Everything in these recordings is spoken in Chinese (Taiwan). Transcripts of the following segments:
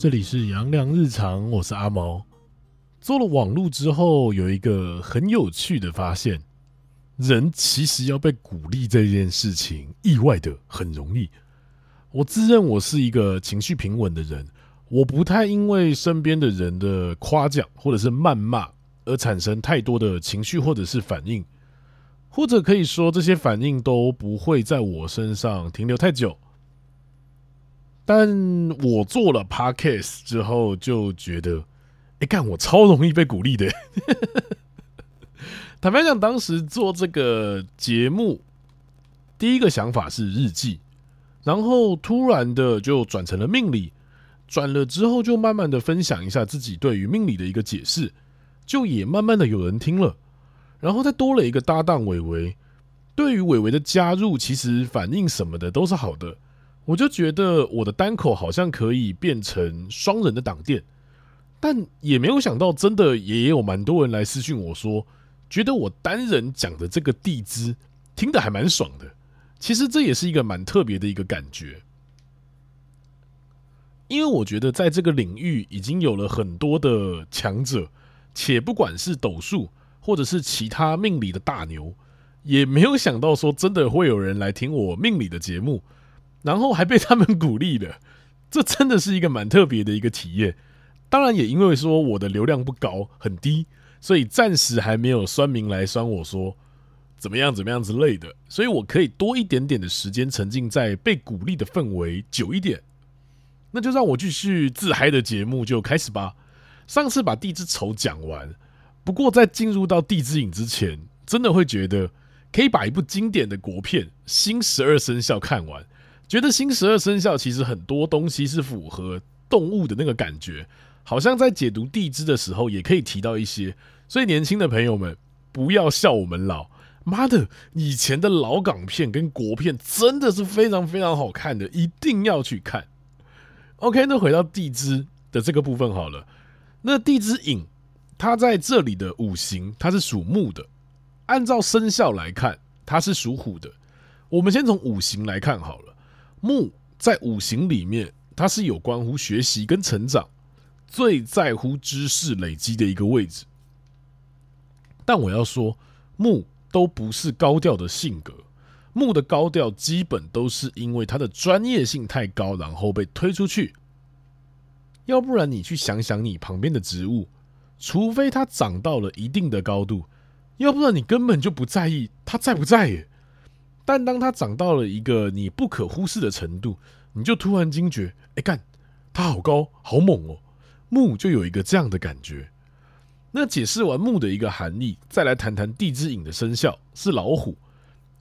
這裡是陽光日常，我是阿毛。做了網絡之後，有一個很有趣的發現：人其實要被鼓勵這件事情，意外的很容易。我自認我是一個情緒平穩的人，我不太因為身邊的人的誇獎或者是謾罵而產生太多的情緒或者是反應，或者可以說這些反應都不會在我身上停留太久。但我做了 podcast 之後就覺得，哎、欸，幹我超容易被鼓勵的。 坦白講，當時做這個節目，第一個想法是日記，然後突然的就轉成了命理，轉了之後就慢慢的分享一下自己對於命理的一個解釋，就也慢慢的有人聽了，然後再多了一個搭檔瑋瑋，對於瑋瑋的加入，其實反應什麼的都是好的。我就覺得我的單口好像可以變成雙人的檔店，但也沒有想到，真的也有蠻多人來私訊我說，覺得我單人講的這個地支聽得還蠻爽的。其實這也是一個蠻特別的一個感覺，因為我覺得在這個領域已經有了很多的強者，且不管是斗數或者是其他命理的大牛，也沒有想到說真的會有人來聽我命理的節目。然後還被他們鼓勵了，這真的是一個蠻特別的一個體驗。當然，也因為說我的流量不高很低，所以暫時還沒有酸民來酸我說怎麼樣怎麼樣之類的，所以我可以多一點點的時間沉浸在被鼓勵的氛圍久一點。那就讓我繼續自嗨的節目就開始吧。上次把地支丑講完，不過在進入到地支寅之前，真的會覺得可以把一部經典的國片《新十二生肖》看完。覺得新十二生肖其實很多東西是符合動物的那個感覺，好像在解讀地支的時候也可以提到一些。所以年輕的朋友們不要笑我們老媽的，以前的老港片跟國片真的是非常非常好看的，一定要去看。OK，那回到地支的這個部分好了，那地支寅，它在這裡的五行它是屬木的，按照生肖來看它是屬虎的。我們先從五行來看好了。木在五行裡面，它是有關乎學習跟成長，最在乎知識累積的一個位置。但我要說，木都不是高調的性格，木的高調基本都是因為它的專業性太高，然後被推出去。要不然你去想想你旁邊的植物，除非它長到了一定的高度，要不然你根本就不在意它在不在耶。但當它長到了一個你不可忽視的程度，你就突然驚覺，哎、欸，看它好高，好猛哦、喔！木就有一個這樣的感覺。那解釋完木的一個含義，再來談談地支寅的生肖是老虎，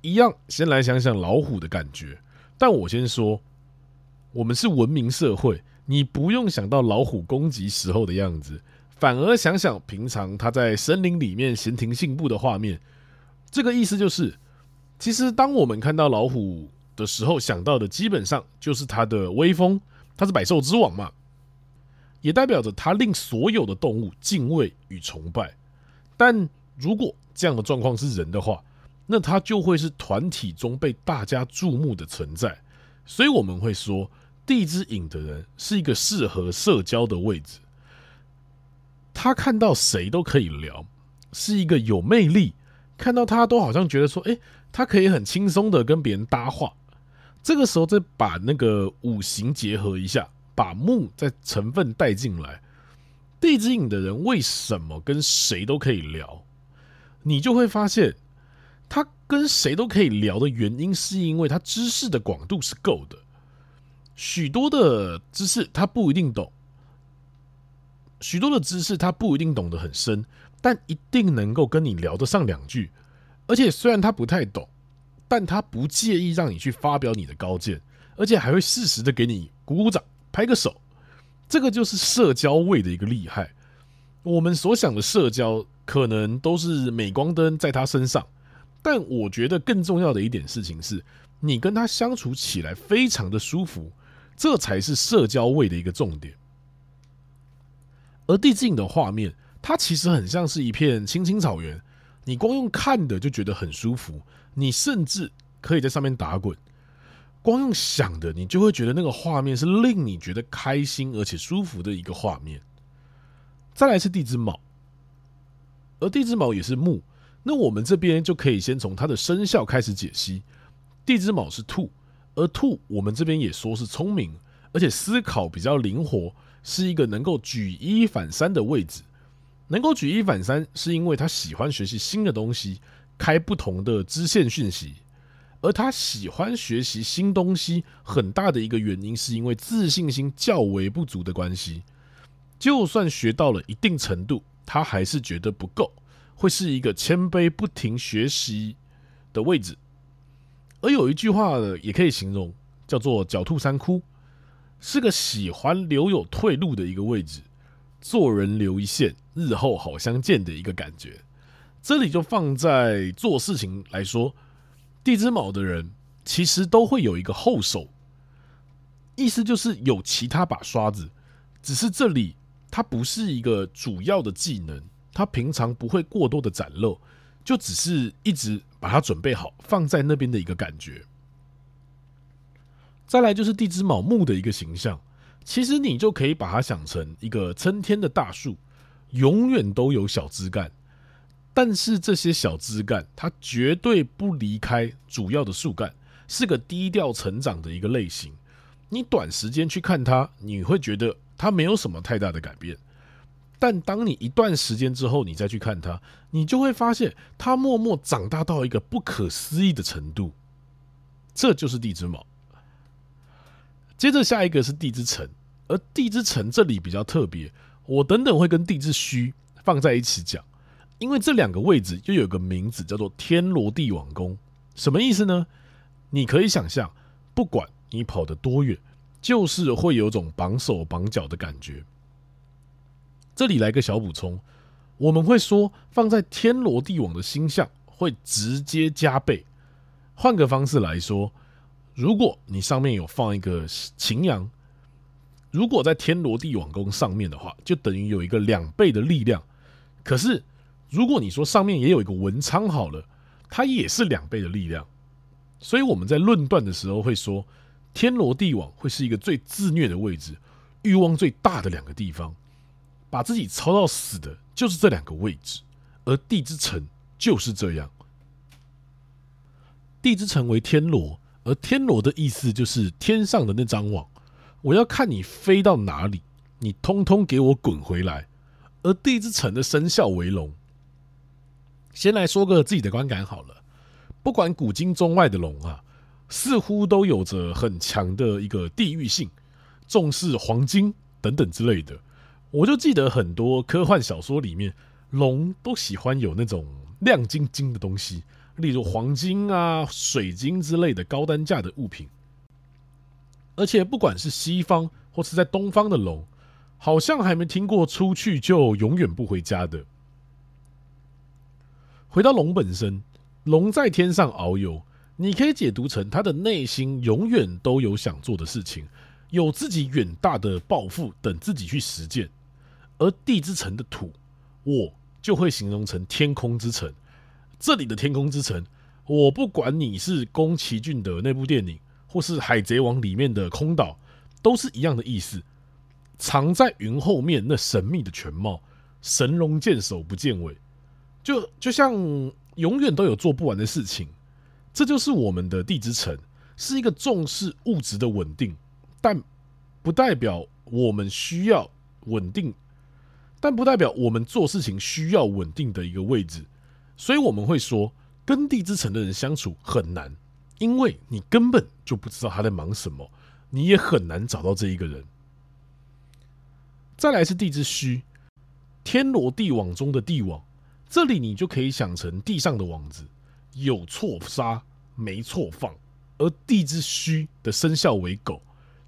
一樣，先來想想老虎的感覺。但我先說，我們是文明社會，你不用想到老虎攻擊時候的樣子，反而想想平常它在森林裡面閒庭信步的畫面。這個意思就是。其實，當我們看到老虎的時候，想到的基本上就是它的威風。它是百獸之王嘛，也代表着它令所有的動物敬畏與崇拜。但如果這樣的狀況是人的話，那他就會是團體中被大家注目的存在。所以我們會說，地支寅的人是一個適合社交的位置。他看到誰都可以聊，是一個有魅力，看到他都好像覺得說：“哎。”他可以很輕鬆的跟別人搭話，這個時候再把那個五行結合一下，把木在成分帶進來。地支寅的人為什麼跟誰都可以聊？你就會發現，他跟誰都可以聊的原因，是因為他知識的廣度是夠的。許多的知識他不一定懂，許多的知識他不一定懂得很深，但一定能夠跟你聊得上兩句。而且雖然他不太懂，但他不介意讓你去發表你的高見，而且還會適時的給你鼓鼓掌、拍個手。這個就是社交位的一個厲害。我們所想的社交，可能都是鎂光燈在他身上，但我覺得更重要的一點事情是，你跟他相處起來非常的舒服，這才是社交位的一個重點。而遞進的畫面，它其實很像是一片青青草原。你光用看的就覺得很舒服，你甚至可以在上面打滾。光用想的，你就會覺得那個畫面是令你覺得開心而且舒服的一個畫面。再來是地支卯，而地支卯也是木，那我們這邊就可以先從它的生肖開始解析。地支卯是兔，而兔我們這邊也說是聰明，而且思考比較靈活，是一個能夠舉一反三的位置。能夠舉一反三是因為他喜歡學習新的東西，開不同的支線訊息。而他喜歡學習新東西，很大的一個原因是因為自信心較為不足的關係。就算學到了一定程度，他還是覺得不夠，會是一個謙卑不停學習的位置。而有一句話也可以形容，叫做“狡兔三窟”，是個喜歡留有退路的一個位置。做人留一線，日後好相見的一個感覺。這裡就放在做事情來說，地支卯的人其實都會有一個後手，意思就是有其他把刷子，只是這裡它不是一個主要的技能，它平常不會過多的展露，就只是一直把它準備好放在那邊的一個感覺。再來就是地支卯木的一個形象。其實你就可以把它想成一個參天的大樹，永遠都有小枝幹，但是這些小枝幹它絕對不離開主要的樹幹，是個低調成長的一個類型。你短時間去看它，你會覺得它沒有什麼太大的改變，但當你一段時間之後，你再去看它，你就會發現它默默長大到一個不可思議的程度。這就是地支卯。接着下一個是地支辰，而地支辰這裡比較特別，我等等會跟地支戌放在一起講，因為這兩個位置就有個名字叫做天羅地網宮，什麼意思呢？你可以想象，不管你跑得多遠，就是會有種綁手綁腳的感覺。這裡來個小補充，我們會說放在天羅地網的星象會直接加倍，換個方式來說。如果你上面有放一個擎羊，如果在天羅地網宮上面的話，就等於有一個兩倍的力量。可是如果你說上面也有一個文昌好了，它也是兩倍的力量。所以我們在論斷的時候會說，天羅地網會是一個最自虐的位置，欲望最大的兩個地方，把自己操到死的就是這兩個位置。而地支辰就是這樣，地支辰為天羅。而天羅的意思就是天上的那張網，我要看你飛到哪裡，你通通給我滾回來。而地支辰的生肖為龍，先來說個自己的觀感好了。不管古今中外的龍啊，似乎都有着很強的一個地域性，重視黃金等等之類的。我就記得很多科幻小說裡面，龍都喜歡有那種亮晶晶的東西。例如黃金啊、水晶之類的高單價的物品，而且不管是西方或是在東方的龍，好像還沒聽過出去就永遠不回家的。回到龍本身，龍在天上遨遊，你可以解讀成它的內心永遠都有想做的事情，有自己遠大的抱負等自己去實踐。而地支辰的土，我就會形容成天空之城。這裡的天空之城，我不管你是宮崎駿的那部電影，或是海賊王裡面的空島，都是一樣的意思。藏在雲後面那神秘的全貌，神龍見首不見尾，就就像永遠都有做不完的事情。這就是我們的地之城，是一個重視物質的穩定，但不代表我們需要穩定，但不代表我們做事情需要穩定的一個位置。所以我們會說，跟地支辰的人相處很難，因為你根本就不知道他在忙什麼，你也很難找到這一個人。再來是地支戌，天羅地網中的地網，這裡你就可以想成地上的網子，有錯殺，沒錯放。而地支戌的生肖為狗，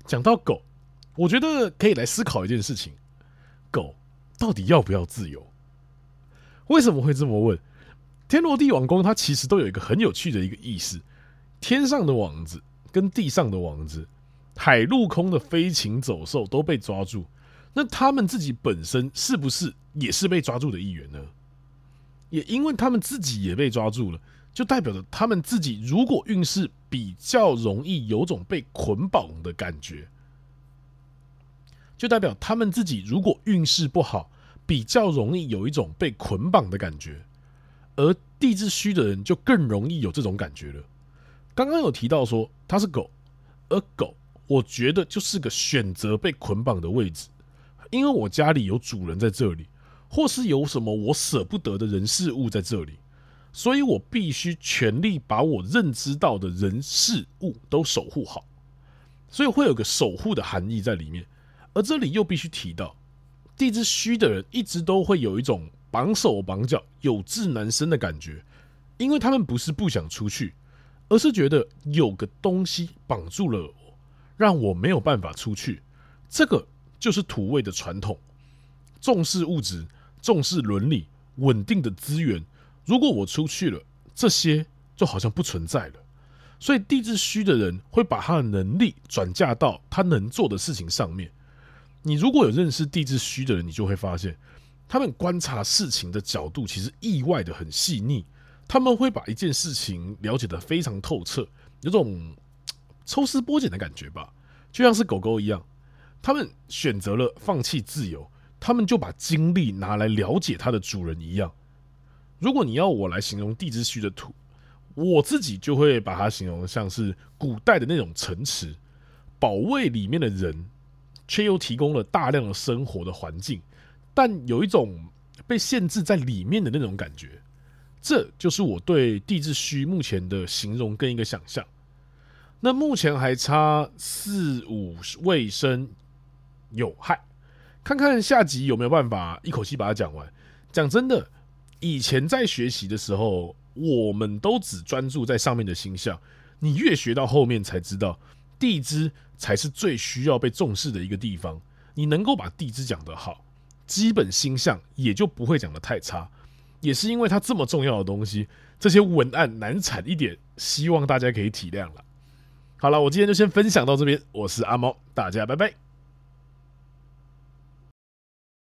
講到狗，我覺得可以來思考一件事情：狗到底要不要自由？為什麼會這麼問？天羅地網宮，它其實都有一個很有趣的一個意思：天上的網子跟地上的網子，海陸空的飛禽走獸都被抓住。那他們自己本身是不是也是被抓住的一員呢？也因為他們自己也被抓住了，就代表着他們自己如果運勢比較容易有種被捆綁的感覺，就代表他們自己如果運勢不好，比較容易有一種被捆綁的感覺。而地支戌的人就更容易有這種感覺了。剛剛有提到說他是狗，而狗，我覺得就是個選擇被捆綁的位置，因為我家裡有主人在這裡，或是有什麼我捨不得的人事物在這裡，所以我必須全力把我認知到的人事物都守護好，所以會有個守護的含義在裡面。而這裡又必須提到，地支戌的人一直都會有一種綁手綁腳，有志難伸的感覺，因為他們不是不想出去，而是覺得有個東西綁住了我，讓我沒有辦法出去。這個就是土味的傳統，重視物質，重視倫理，穩定的資源。如果我出去了，這些就好像不存在了。所以地支虛的人會把他的能力轉嫁到他能做的事情上面。你如果有認識地支虛的人，你就會發現。他們觀察事情的角度其實意外的很細膩，他們會把一件事情了解得非常透徹，有種抽絲剝繭的感覺吧，就像是狗狗一樣，他們選擇了放棄自由，他們就把精力拿來了解他的主人一樣。如果你要我來形容地支戌的土，我自己就會把它形容像是古代的那種城池，保衛裡面的人，卻又提供了大量的生活的環境。但有一種被限制在裡面的那種感覺，這就是我對地支戌目前的形容跟一個想象。那目前還差四五位申酉亥，看看下集有沒有辦法一口氣把它講完。講真的，以前在學習的時候，我們都只專注在上面的星象。你越學到後面才知道，地支才是最需要被重視的一個地方。你能夠把地支講得好。基本星象也就不會講得太差，也是因為它這麼重要的東西，這些文案難產一點，希望大家可以體諒了。好了，我今天就先分享到這邊，我是阿貓，大家拜拜。